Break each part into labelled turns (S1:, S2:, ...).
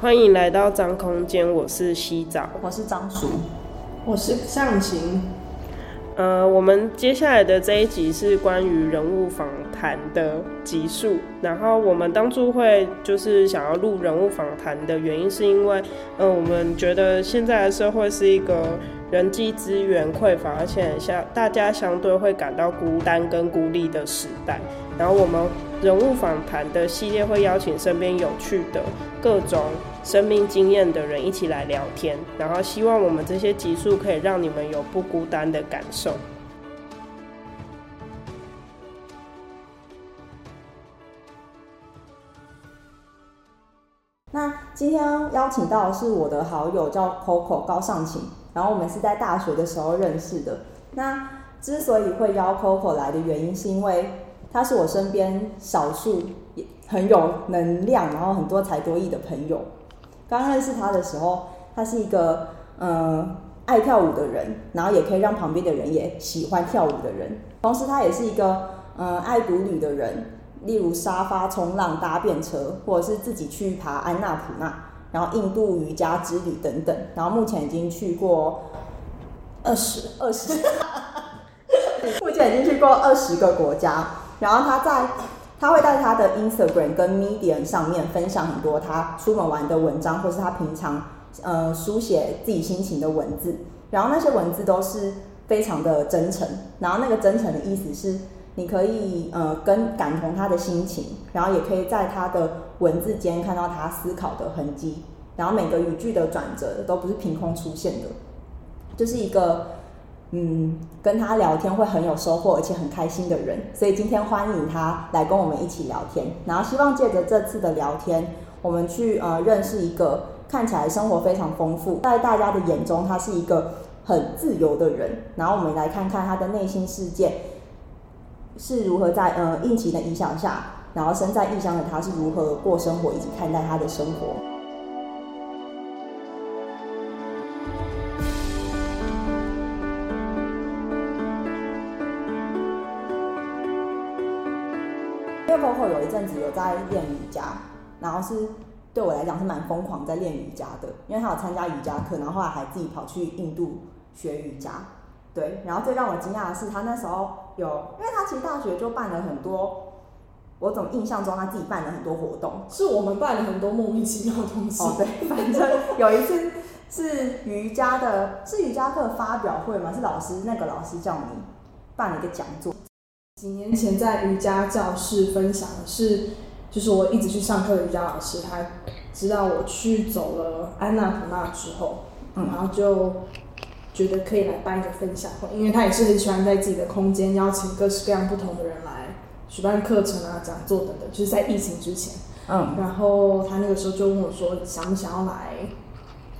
S1: 歡迎來到髒空間，我是西藻，我是張叔，
S2: 我是尚勤。
S1: 呃，我們接下來的這一集是關於人物訪談的集數。然後我們當初會就是想要錄人物訪談的原因，是因為，嗯、呃，我們覺得現在的社會是一個人際資源匱乏，而且像大家相對會感到孤單跟孤立的時代。然後我們。人物訪談的系列會邀請身邊有趣的各種生命經驗的人一起來聊天，然後希望我們這些集數可以讓你們有不孤單的感受。
S3: 那今天邀請到的是我的好友叫 Coco 高尚勤。然後我們是在大學的時候認識的。那之所以會邀 Coco 來的原因是因為。他是我身邊少數也很有能量，然後很多才多藝的朋友。剛認識他的時候，他是一個嗯、呃、愛跳舞的人，然後也可以讓旁邊的人也喜歡跳舞的人。同時，他也是一個嗯、呃、愛獨旅的人，例如沙發衝浪、搭便車，或者是自己去爬安納普納，然後印度瑜伽之旅等等。然後目前已經去過二十二十，目前已經去過二十個國家。然後他在，他會在他的 Instagram 跟 Medium 上面分享很多他出門玩的文章，或是他平常，呃，書寫自己心情的文字。然後那些文字都是非常的真誠。然後那個真誠的意思是，你可以呃跟感同他的心情，然後也可以在他的文字間看到他思考的痕跡。然後每個語句的轉折都不是憑空出現的，就是一個。嗯，跟他聊天會很有收穫，而且很開心的人，所以今天歡迎他來跟我們一起聊天。然後希望借着這次的聊天，我們去呃認識一個看起來生活非常豐富，在大家的眼中他是一個很自由的人。然後我們來看看他的內心世界是如何在呃疫情的影響下，然後身在異鄉的他是如何過生活以及看待他的生活。課後有一陣子有在練瑜伽，然後是對我來講是蠻瘋狂在練瑜伽的，因為他有參加瑜伽課，然後後來還自己跑去印度學瑜伽。對，然後最讓我驚訝的是他那時候有，因為他其實大學就辦了很多，我總印象中他自己辦了很多活動，是我們辦了很多莫名其妙的東西。哦，對，反正有一次是瑜伽的， 是瑜伽課的發表會嗎？是老師那個老師叫你辦了一個講座。幾年前在瑜伽
S2: 教室分享的是，就是我一直去上課的瑜伽老師，他知道我去走了安娜普娜之後，嗯，然後就覺得可以來辦一個分享會，因為他也是很喜歡在自己的空間邀請各式各樣不同的人來舉辦課程啊、講座等等，就是在疫情之前，嗯，然後他那個時候就問我說，想不想要來，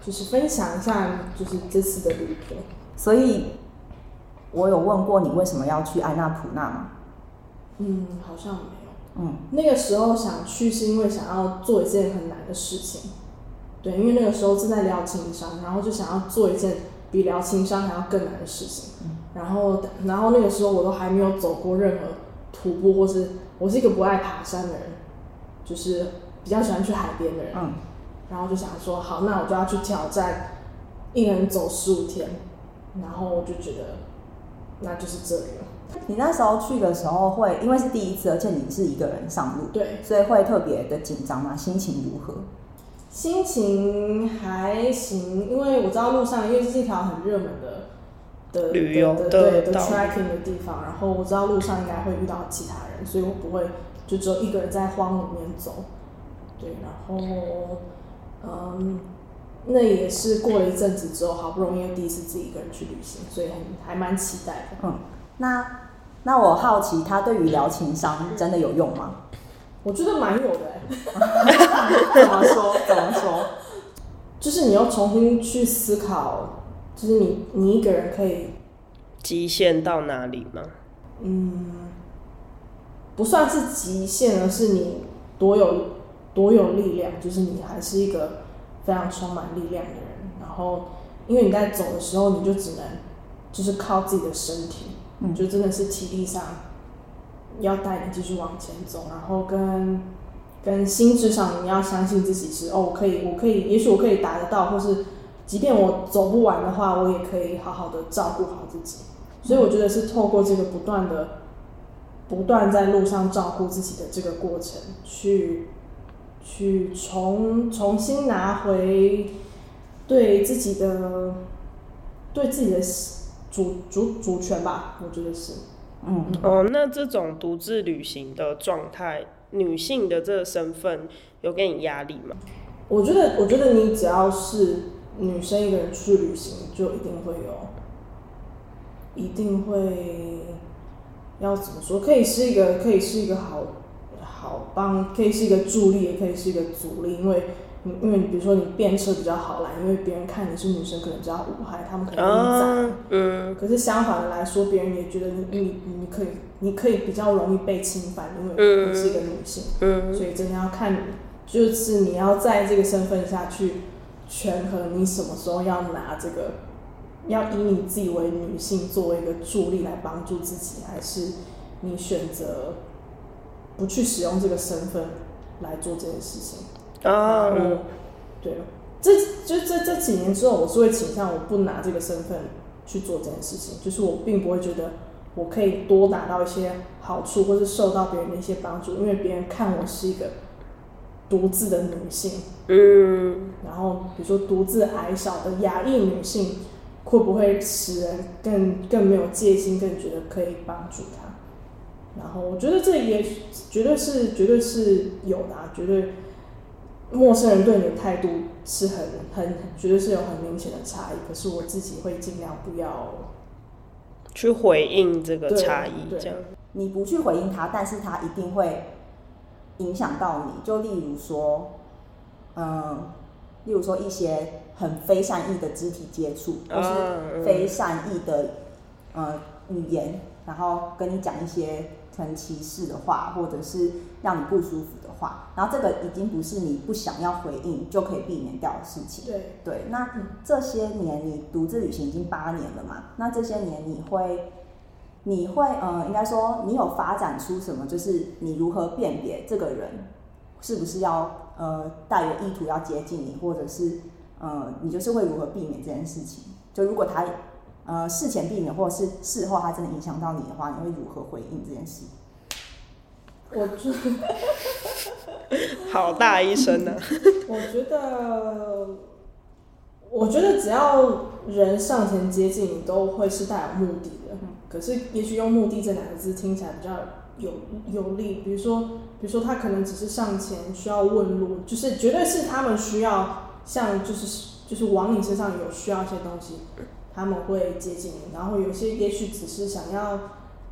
S2: 就是分享一下，就是這次的旅途。
S3: 所以。我有問過你為什麼要去安娜普納嗎？嗯，
S2: 好像沒有。
S3: 嗯，
S2: 那個時候想去是因為想要做一件很難的事情。對，因為那個時候正在療情傷，然後就想要做一件比療情傷還要更難的事情。嗯。然後，然後那個時候我都還沒有走過任何徒步，或是我是一個不愛爬山的人，就是比較喜歡去海邊的人。嗯。然後就想說，好，那我就要去挑戰，一人走十五天。然後我就覺得。那就
S3: 是這裡了。你那時候去的時候會，因為是第一次，而且你是一個人上路，對，所以會特別的緊張嗎？心情如何？心
S2: 情還行，因為我知道路上，因為是一條很熱門的的旅遊的，對，的 tracking 的地方，然後我知道路上應該會遇到其他人，所以我不會就只有一個人在荒裡面走。對，然後，嗯。那也是過了一陣子之後，好不容易又第一次自己一個人去旅行，
S3: 所以還還蠻期待的。嗯，那那我好奇，他對於療情商真的有用嗎？我覺得蠻有的、欸。 怎麼說？怎麼說？就
S2: 是你要重新去思考，就是你你一個人可以
S1: 極限到哪裡嗎？嗯，
S2: 不算是極限，而是你多有多有力量，就是你還是一個。非常充滿力量的人，然後，因為你在走的時候，你就只能就是靠自己的身體，嗯，就真的是體力上要帶你繼續往前走，然後跟跟心智上你要相信自己是哦，我可以，我可以，也許我可以達得到，或是即便我走不完的話，我也可以好好的照顧好自己。所以我覺得是透過這個不斷的、不斷在路上照顧自己的這個過程去。去重重新拿回對自己的對自己的主主主權吧，我覺得是。嗯。哦，oh, 那這種獨
S1: 自旅行的狀態，女性的這個身份有給你壓力嗎？我覺得，
S2: 我覺得你只要是女生一個人出去旅行，就一定會有，一定會要怎麼說？可以是一個，可以是一個好。幫可以是一個助力，也可以是一個阻力，因為你，因為你比如說你便車比較好來，因為別人看你是女生，可能比較無害，他們可能更、啊、嗯。可是相反的來說，別人也覺得你你你可以你可以比較容易被侵犯，因為你是一個女性。嗯。嗯，所以真的要看，就是你要在這個身份下去權衡，你什麼時候要拿這個，要以你自己為女性作為一個助力來幫助自己，還是你選擇。不去使用這個身份來做這件事情啊，對，這就這這幾年之後，我是會傾向我不拿這個身份去做這件事情，就是我並不會覺得我可以多拿到一些好處，或是受到別人的一些幫助，因為別人看我是一個獨自的女性，嗯，然後比如說獨自矮小的亞裔女性，會不會使人更更沒有戒心，更覺得可以幫助她？然後我覺得這也絕對是、絕對是有的、啊，絕對陌生人對你的態度是很、很、很、絕對是有很明顯的差異，可是我自己會盡量不要
S1: 去回應這個差異對，對，這
S3: 樣。你不去回應他，但是他一定會影響到你。就例如說，嗯，例如說一些很非善意的肢體接觸，就是非善意的呃、嗯嗯、語言。然後跟你講一些很歧視的話，或者是讓你不舒服的話，然後這個已經不是你不想要回應就可以避免掉的事情。對，對。那這些年你獨自旅行已經八年了嘛？那這些年你會，你會，呃，應該說你有發展出什麼？就是你如何辨別這個人是不是要，呃，帶有意圖要接近你，或者是，呃，你就是會如何避免這件事情？就如果他。呃，事前避免，或者是事後，他真的影響到你的話，你會如何回應這件事？
S2: 我就，
S3: 好大一聲呢！
S2: 我覺得，我覺得只要人上前接近，都會是帶有目的的。可是，也許用“目的”這兩個字聽起來比較有有力。比如說，比如說他可能只是上前需要問路，就是絕對是他們需要，像就是就是往你身上有需要一些東西。他們會接近你，然後有些也許只是想要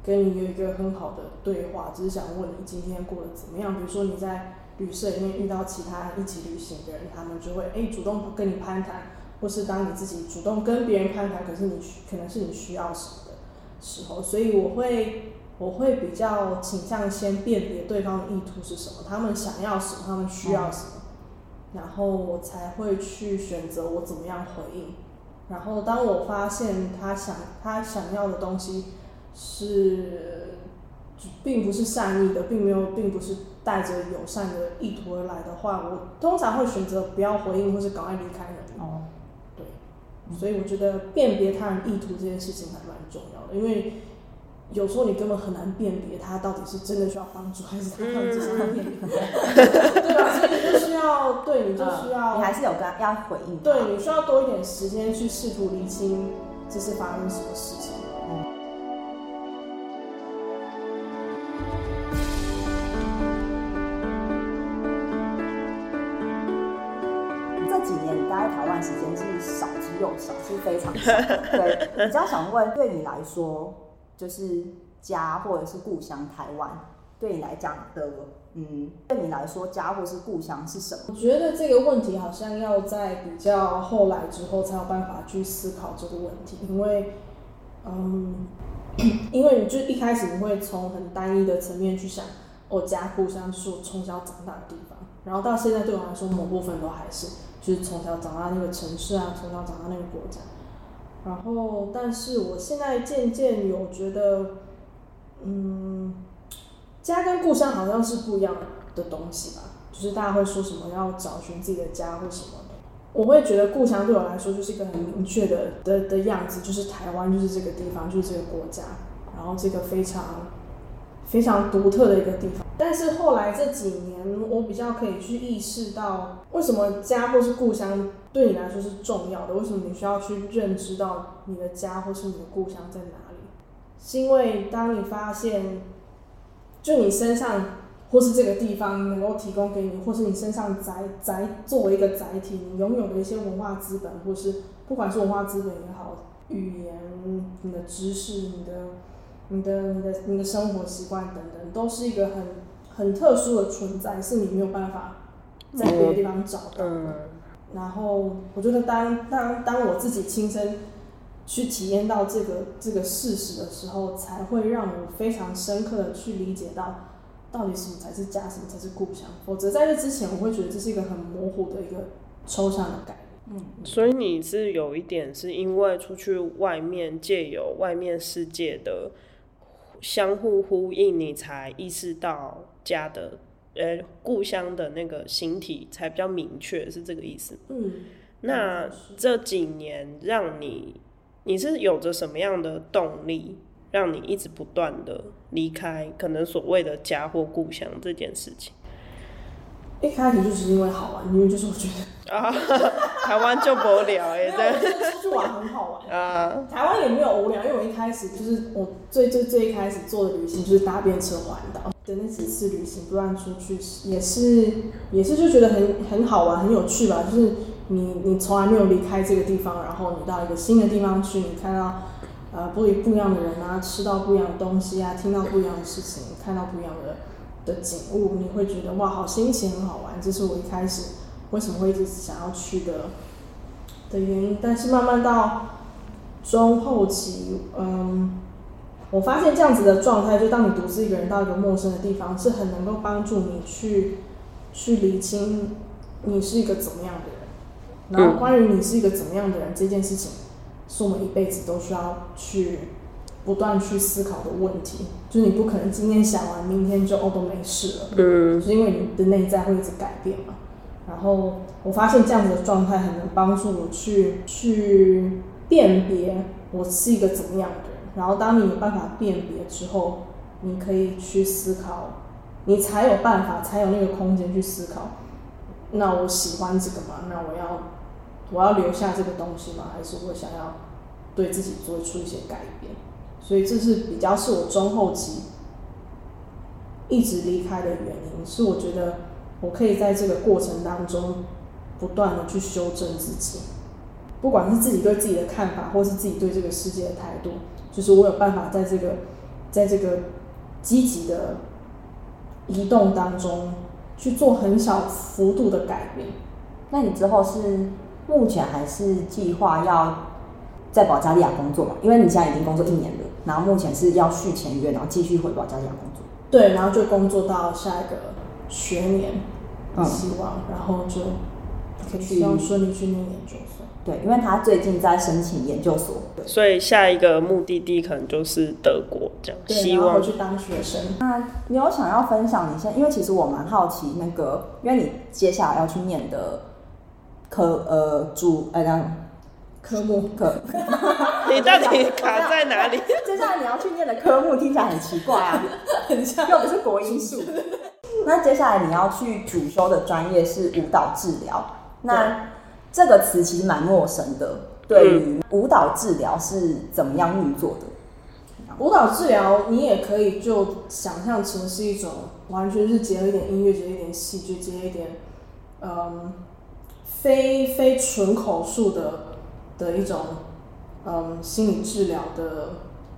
S2: 跟你有一個很好的對話，只是想問你今天過得怎麼樣。比如說你在旅社裡面遇到其他一起旅行的人，他們就會哎主動跟你攀談，或是當你自己主動跟別人攀談，可是你可能是你需要什麼的時候，所以我會我會比較傾向先辨別對方的意圖是什麼，他們想要什麼，他們需要什麼，嗯，然後我才會去選擇我怎麼樣回應。然後，當我發現他想他想要的東西是，並不是善意的，並沒有，並不是帶着友善的意圖而來的話，我通常會選擇不要回應，或是趕快離開。哦，對，所以我覺得辨別他人意圖這件事情還蠻重要的，因為。有時候你根本很難辨別他到底是真的需要幫助，還是他要是他自己生病。嗯、 對吧？所以你就是、需要，對，你就需要，嗯、你還是有跟要回應他。對你需要多一點時間去試圖理清這是發生什麼事情。嗯,嗯
S3: 這幾年你待在台灣時間是少之又少，是非常少的。對，我比較想問，對你來說。就是家或者是故鄉台灣，對你來講的，嗯，對你來說家或是故鄉是什麼？我覺得這個問題好像
S2: 要在比較後來之後才有辦法去思考這個問題，因為，嗯，因為你就一開始你會從很單一的層面去想，我、哦、家故鄉是我從小長大的地方，然後到現在對我來說某部分都還是就是從小長大那個城市啊，從小長大那個國家。然後，但是我現在漸漸有覺得，嗯，家跟故鄉好像是不一樣的東西吧。就是大家會說什麼要找尋自己的家或什麼的，我會覺得故鄉對我來說就是一個很明確的的的樣子，就是台灣，就是這個地方，就是這個國家，然後這個非常非常獨特的一個地方。但是後來這幾年，我比較可以去意識到，為什麼家或是故鄉。對你來說是重要的，為什麼你需要去認知到你的家或是你的故鄉在哪裡？是因為當你發現，就你身上或是這個地方能夠提供給你，或是你身上在在作為一個載體，你擁有的一些文化資本，或是不管是文化資本也好，語言、你的知識、你的、你的、你的、你的、你的生活習慣等等，都是一個很很特殊的存在，是你沒有辦法在別的地方找的。然後我覺得當，當當當我自己親身去體驗到這個這個事實的時候，才會讓我非常深刻的去理解到，到底什麼才是家，什麼才是故鄉。否則在這之前，我會覺得這是一個很模糊的一個抽象的概念。
S1: 嗯，所以你是有一點是因為出去外面，借由外面世界的相互呼應，你才意識到家的。呃、欸，故鄉的那個形體才比較明確，是這個意思。嗯，那這幾年讓你，你是有着什麼樣的動力，讓你一直不斷的離開，可能所謂的家或故鄉這件事情？
S2: 一開始就是因為好玩，因為就是我覺得啊，
S1: 台灣就不無聊耶。對，因
S2: 為出去玩很好玩啊。台灣也沒有無聊，因為我一開始就是我最最最一開始做的旅行就是搭便車環島，那幾次旅行不斷出去也是，也是就覺得很很好玩，很有趣吧。就是你你從來沒有離開這個地方，然後你到一個新的地方去，你看到呃不一不一樣的人啊，吃到不一樣的東西啊，聽到不一樣的事情，對看到不一樣的的景物，你會覺得哇，好新奇，很好玩，這是我一開始為什麼會一直想要去的的原因。但是慢慢到中後期，嗯，我發現這樣子的狀態，就當你獨自一個人到一個陌生的地方，是很能夠幫助你去去理清你是一個怎麼樣的人。然後關於你是一個怎麼樣的人這件事情，是我們一輩子都需要去。不斷去思考的問題，就你不可能今天想完，明天就哦都沒事了，對就是因為你的內在會一直改變嘛。然後我發現這樣子的狀態，很能幫助我去去辨別我是一個怎麼樣的人。然後當你有辦法辨別之後，你可以去思考，你才有辦法，才有那個空間去思考。那我喜歡這個嗎？那我要我要留下這個東西嗎？還是我想要對自己做出一些改變？所以這是比較是我中後期一直離開的原因，是我覺得我可以在這個過程當中不斷的去修正自己，不管是自己對自己的看法，或是自己對這個世界的態度，就是我有辦法在這個在這個積極的移動當中去做很小幅度的改變。那你之後是
S3: 目前還是計劃要在保加利亞工作嘛？因為你現在已經工作一年了。然後目前是要續簽約，然後繼續回到嘉義工作。
S2: 對，然後就工作到下一個學年、嗯、希望，然後就希望順
S3: 利去念研究所。對，因為他最近在申請研究所。對，所以下一個目
S1: 的地可能就是德國，對希望去當
S3: 學生。那你有想要分享你現在？因為其實我蠻好奇那個，因為你接下來要去念的科呃主呃、哎、這樣。科目課， 你到
S1: 底卡在哪裡？ 接
S3: 下來你要去念的科目聽起來很奇怪，啊， 很像用的是國英數。是那接下來你要去主修的專業是舞蹈治療，對那這個詞其實蠻陌生的。對於舞蹈治療是怎麼樣運作的？
S2: 對舞蹈治療你也可以就想象成是一種完全是結合一點音樂、結合一點戲劇、結合一點嗯非非純口述的。的一種，嗯，心理治療的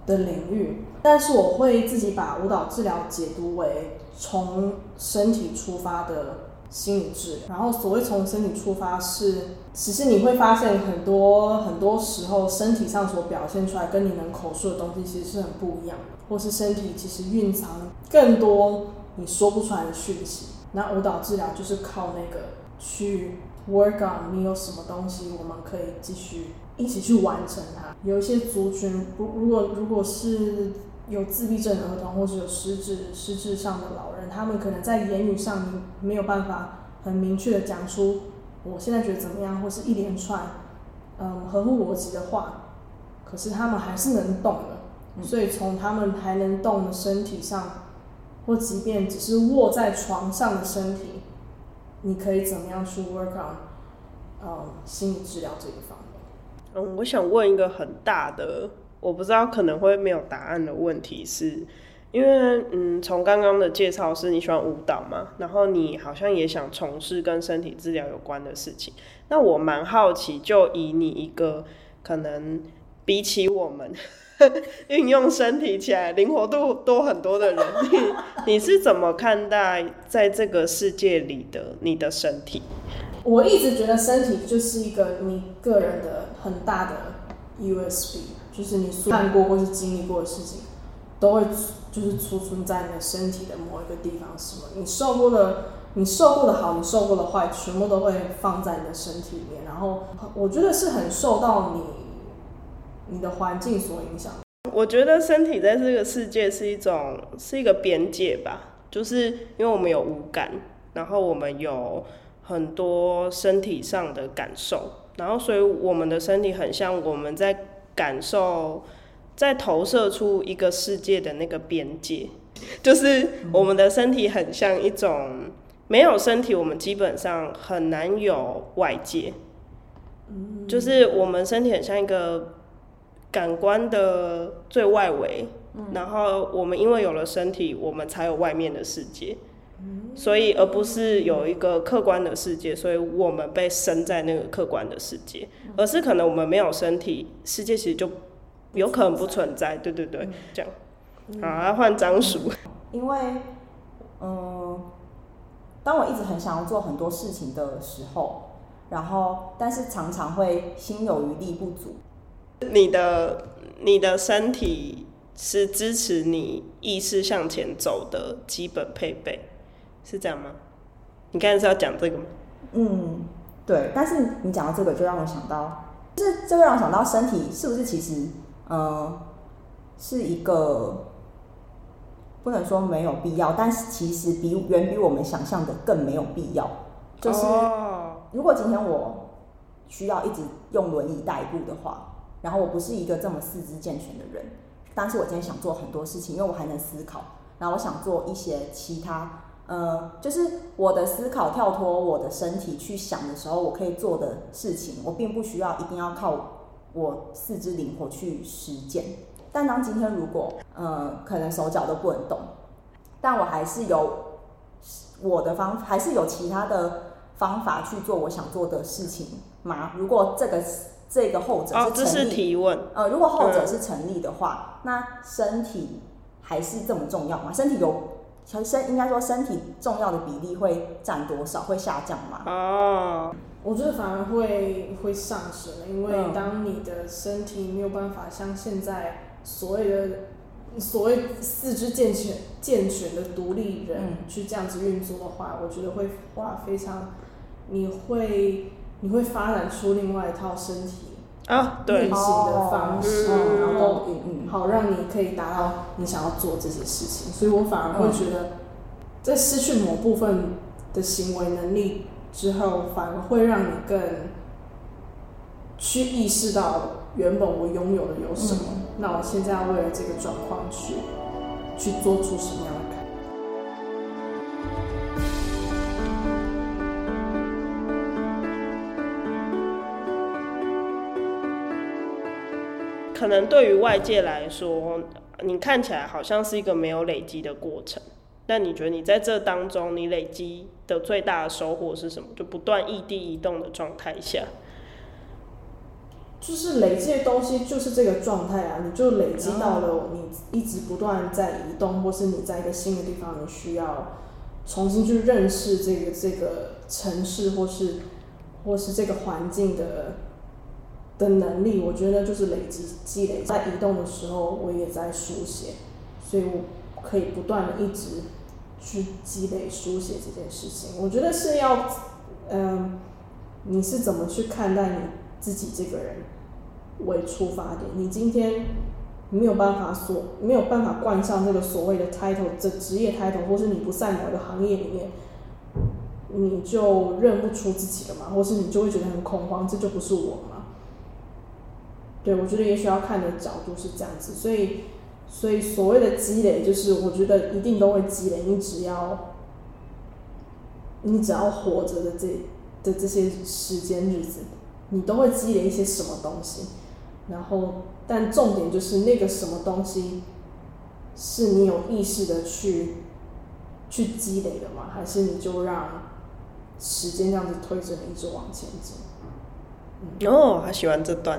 S2: 的領域，但是我會自己把舞蹈治療解讀為從身體出發的心理治療。然後，所謂從身體出發是，是其實你會發現很多很多時候身體上所表現出來，跟你能口述的東西其實是很不一樣，或是身體其實蘊藏更多你說不出來的訊息。那舞蹈治療就是靠那個去。Work on，你有什麼東西，我們可以繼續一起去完成它。有一些族群，如如果如果是有自閉症的兒童，或者有失智失智上的老人，他們可能在言語上沒有辦法很明確的講出我現在覺得怎麼樣，或是一連串嗯合乎邏輯的話，可是他們還是能動的。所以從他們還能動的身體上，嗯、或即便只是臥在床上的身體。你可以怎麼樣去 work on 呃、嗯、心理治療這一
S1: 方面？嗯，我想問一個很大的，我不知道可能會沒有答案的問題是，因為嗯，從剛剛的介紹是你喜歡舞蹈嘛，然後你好像也想從事跟身體治療有關的事情，那我蠻好奇，就以你一個可能。比起我們運用身體起來靈活度多很多的人， 你，你是怎麼看待在這個世界裡的你的身體？
S2: 我一直覺得身體就是一個你個人的很大的 USB Yeah. 就是你看過或是經歷過的事情，都會就是儲存在你的身體的某一個地方。什麼你受過的，你受過的好，你受過的壞，全部都會放在你的身體裡面，然後我覺得是很受到你。你的環境所
S1: 影響，我覺得身體在這個世界是一種，是一個邊界吧，就是因為我們有五感，然後我們有很多身體上的感受，然後所以我們的身體很像我們在感受，在投射出一個世界的那個邊界，就是我們的身體很像一種，沒有身體，我們基本上很難有外界，就是我們身體很像一個。感官的最外圍，然後我們因為有了身體，我們才有外面的世界，所以而不是有一個客觀的世界，所以我們被生在那個客觀的世界，而是可能我們沒有身體，世界其實就有可能不存在。對對對，這樣。好，啊，
S3: 換張叔。因為，嗯，當我一直很想要做很多事情的時候，然後但是常常會心有餘力不足。
S1: 你的你的身體是支持你意識向前走的基本配備，是這樣嗎？你剛才是要講這個嗎？嗯，
S3: 對。但是你講到這個，就讓我想到，就是、這這個讓我想到，身體是不是其實，呃，是一個不能說沒有必要，但是其實比遠比我們想象的更沒有必要。就是、Oh. 如果今天我需要一直用輪椅代步的話。然後我不是一個這麼四肢健全的人，但是我今天想做很多事情，因為我還能思考。然後我想做一些其他，呃，就是我的思考跳脫我的身體去想的時候，我可以做的事情，我並不需要一定要靠我，我四肢靈活去實踐。但當今天如果，呃，可能手腳都不能動，但我還是有我的方，還是有其他的方法去做我想做的事情嗎？如果這個。這個後者是成立，哦、這是提問呃，如果後者是成立的話，嗯、那身體還是這麼重要嗎？身體有，全身應該說身體重要的比例會佔多少？會下降嗎？哦，我覺得反而
S2: 會會上升，因為當你的身體沒有辦法像現在所謂的所謂四肢健全健全的獨立人去這樣子運作的話，嗯、我覺得會花非常，你會。你會發展出另外一套身體啊，運行的方式，oh, 對然後嗯嗯，好讓你可以達到你想要做這些事情。所以我反而會覺得，在失去某部分的行為能力之後，反而會讓你更去意識到原本我擁有的有什麼。嗯、那我現在要為了這個狀況去去做出什麼樣的？
S1: 可能對於外界來說，你看起來好像是一個沒有累積的過程，但你覺得你在這當中，你累積的最大的收穫是什麼？就不斷異地移動的狀態下，
S2: 就是累積的東西就是這個狀態啊！你就累積到了，Oh. 你一直不斷在移動，或是你在一個新的地方，你需要重新去認識這個這個城市，或是或是這個環境的的能力，我覺得就是累積積累，累。在移動的時候，我也在書寫，所以我可以不斷的一直去積累書寫這件事情。我覺得是要，嗯，你是怎麼去看待你自己這個人為出發點？你今天沒有辦法所沒有辦法冠上那個所謂的 title，這職業 title，或是你不擅長的行業裡面，你就認不出自己了嗎？或是你就會覺得很恐慌？這就不是我嗎？對，我覺得也許要看的角度是這樣子，所以，所以所謂的積累，就是我覺得一定都會積累。你只要，你只要活着的這的這些時間日子，你都會積累一些什麼東西。然後，但重點就是那個什麼東西，是你有意識的去去積累的嗎？還是你就讓時間這樣子推着你一直往前
S1: 走？哦、嗯，還喜歡這段，